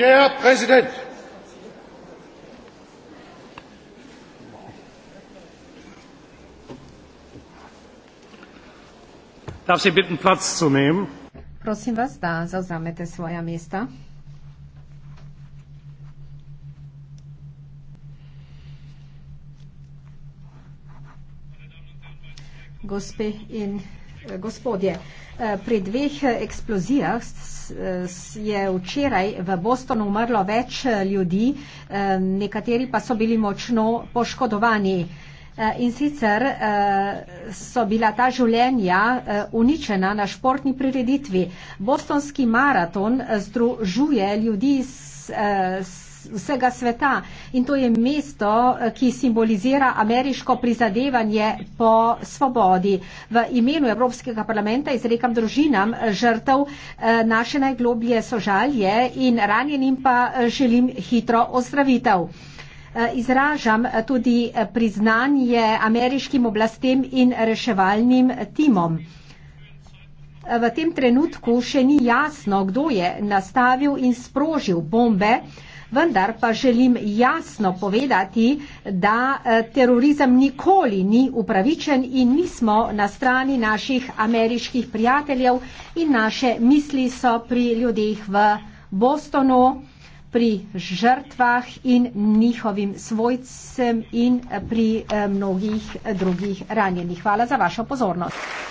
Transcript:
Herr Präsident! Darf Sie bitten, Platz zu nehmen? Prosím vás, da zauzamete svoja miesta. Gospe in Gospodje, eh, pri dveh eksplozijah je včeraj v Bostonu umrlo več eh, ljudi, eh, nekateri pa so bili močno poškodovani. In sicer so bila ta življenja uničena na športni prireditvi. Bostonski maraton združuje ljudi s, s vsega sveta in to je mesto, eh, ki simbolizira ameriško prizadevanje po svobodi. V imenu Evropskega parlamenta izrekam družinam eh, žrtev eh, naše najgloblje sožalje in ranjenim pa želim hitro ozdravitev. Izražam tudi priznanje ameriškim oblastem in reševalnim timom. V tem trenutku še ni jasno, kdo je nastavil in sprožil bombe, vendar pa želim jasno povedati, da eh, terorizem nikoli ni upravičen in mi smo na strani naših ameriških prijateljev in naše misli so pri ljudeh v Bostonu, pri žrtvah in njihovim svojcem in eh, pri eh, mnogih drugih ranjenih. Hvala za vašo pozornost.